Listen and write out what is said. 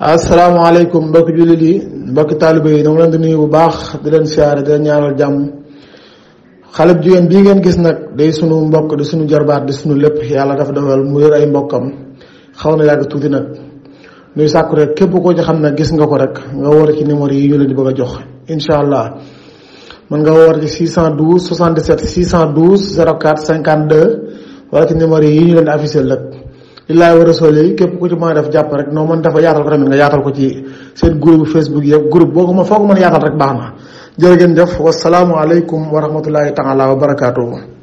asalaamaaleykum mbokk jullit yi mbokk taaliba yi dama leen di nuyu bu baax di leen siyaare di leen ñaanal jàmm xale bu jigéen bii ngeen gis nag day sunu mbokk di suñu jarbaat di suñu lépp yàlla dafa dogal mu yor ay mbokkam xaw na yàgg tuuti nag nuy sàkku rek képp ko ci xam ne gis nga ko rek nga woote ci numéro yi ñu leen di bëgg jox incha allah mën nga woote ci 612 77 612 04 52 wala ci numéro yi ñu leen di affiché nag. lillaay wa rasool yi képp ku ci mën a def jàpp rek noo mën dafa yaatal ko tamit nga yaatal ko ci seen groupe Facebook yëpp groupe boo ko mën foo ko mën a yaatal rek baax na jërë ngeen jëf wasalaamualeykum wa rahmatullahi taala wa barakaatuhu